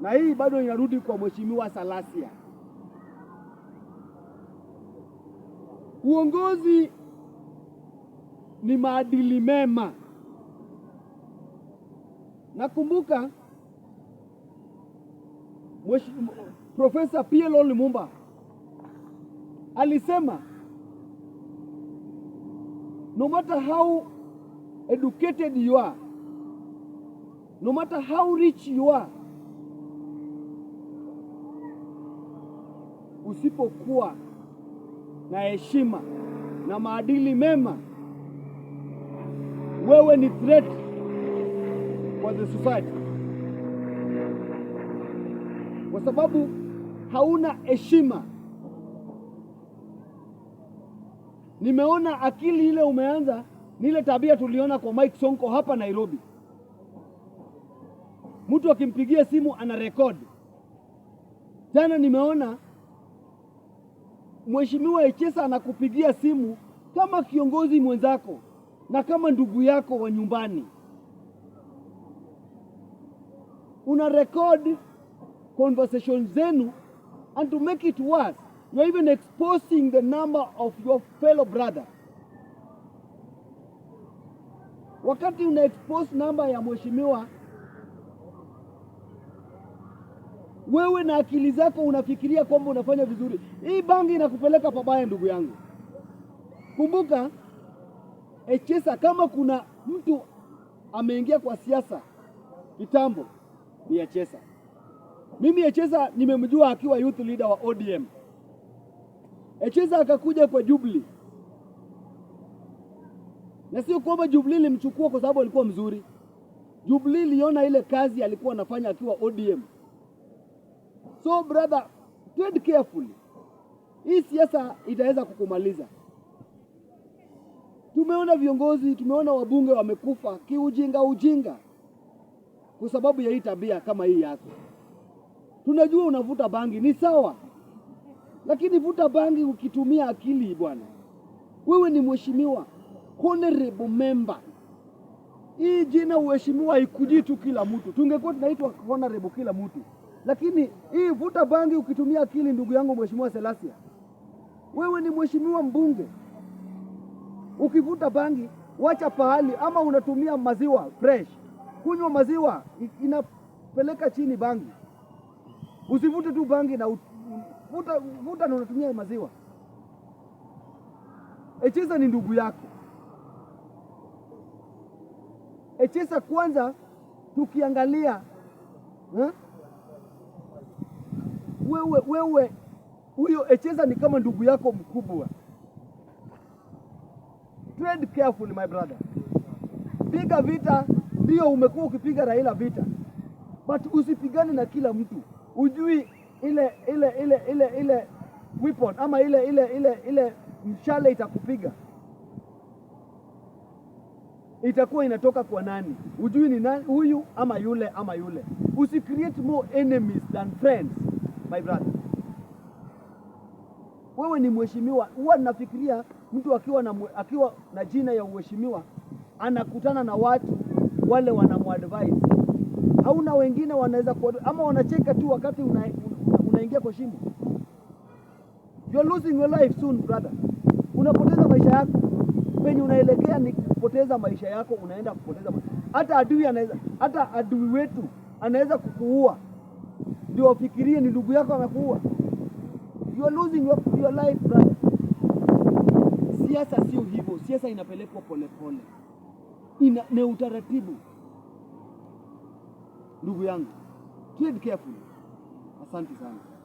na hii bado inarudi kwa mheshimiwa Salasia. Uongozi ni maadili mema. Nakumbuka Profesa PLO Lumumba alisema no matter how educated you are, no matter how rich you are usipokuwa na heshima na maadili mema, wewe ni threat kwa the society, kwa sababu hauna heshima. Nimeona akili ile umeanza ni ile tabia tuliona kwa Mike Sonko hapa Nairobi, mtu akimpigia simu ana rekodi. Jana nimeona Mheshimiwa echesa anakupigia simu kama kiongozi mwenzako na kama ndugu yako wa nyumbani, una record conversation zenu, and to make it worse you are even exposing the number of your fellow brother. Wakati una expose number ya mheshimiwa wewe na akili zako unafikiria kwamba unafanya vizuri. Hii bangi inakupeleka pabaya, ndugu yangu. Kumbuka Echesa, kama kuna mtu ameingia kwa siasa kitambo ni Echesa. Mimi Echesa nimemjua akiwa youth leader wa ODM. Echesa akakuja kwa Jubilee, na sio kwamba Jubilee ilimchukua kwa sababu alikuwa mzuri. Jubilee iliona ile kazi alikuwa anafanya akiwa ODM So brother, tread carefully. Hii siasa itaweza kukumaliza. Tumeona viongozi, tumeona wabunge wamekufa kiujinga ujinga kwa sababu ya hii tabia kama hii yako. Tunajua unavuta bangi ni sawa, lakini vuta bangi ukitumia akili bwana. Wewe ni mheshimiwa honorable member. Hii jina uheshimiwa ikujitu kila mtu, tungekuwa tunaitwa honorable kila mtu. Lakini hii vuta bangi ukitumia akili, ndugu yangu mheshimiwa Selasia, wewe ni mheshimiwa mbunge, ukivuta bangi wacha pahali, ama unatumia maziwa fresh, kunywa maziwa inapeleka chini bangi. Usivute tu bangi na vuta, vuta na unatumia maziwa. echeza ni ndugu yako. echeza kwanza tukiangalia eh? wewe wewe, huyo Echeza ni kama ndugu yako mkubwa. Tread carefully my brother, piga vita. Ndio umekuwa ukipiga Raila vita, but usipigane na kila mtu. Ujui ile ile ile ile ile weapon ama ile ile ile ile mshale itakupiga itakuwa inatoka kwa nani? Ujui ni nani huyu ama yule ama yule. Usicreate more enemies than friends my brother. Wewe ni mheshimiwa. Huwa nafikiria mtu akiwa na, akiwa na jina ya uheshimiwa anakutana na watu wale wanamuadvise, hauna wengine wanaweza ama wanacheka tu wakati unaingia una, una kwa shimo. You are losing your life soon brother, unapoteza maisha yako penye unaelekea ni kupoteza maisha yako, unaenda kupoteza maisha. Hata adui anaweza hata adui wetu anaweza kukuua ndio wafikirie ni ndugu yako anakuua. You are losing your, your life brother. Siasa sio hivyo, siasa inapelekwa polepole, ina ni utaratibu. Ndugu yangu, tread carefully. Asante sana.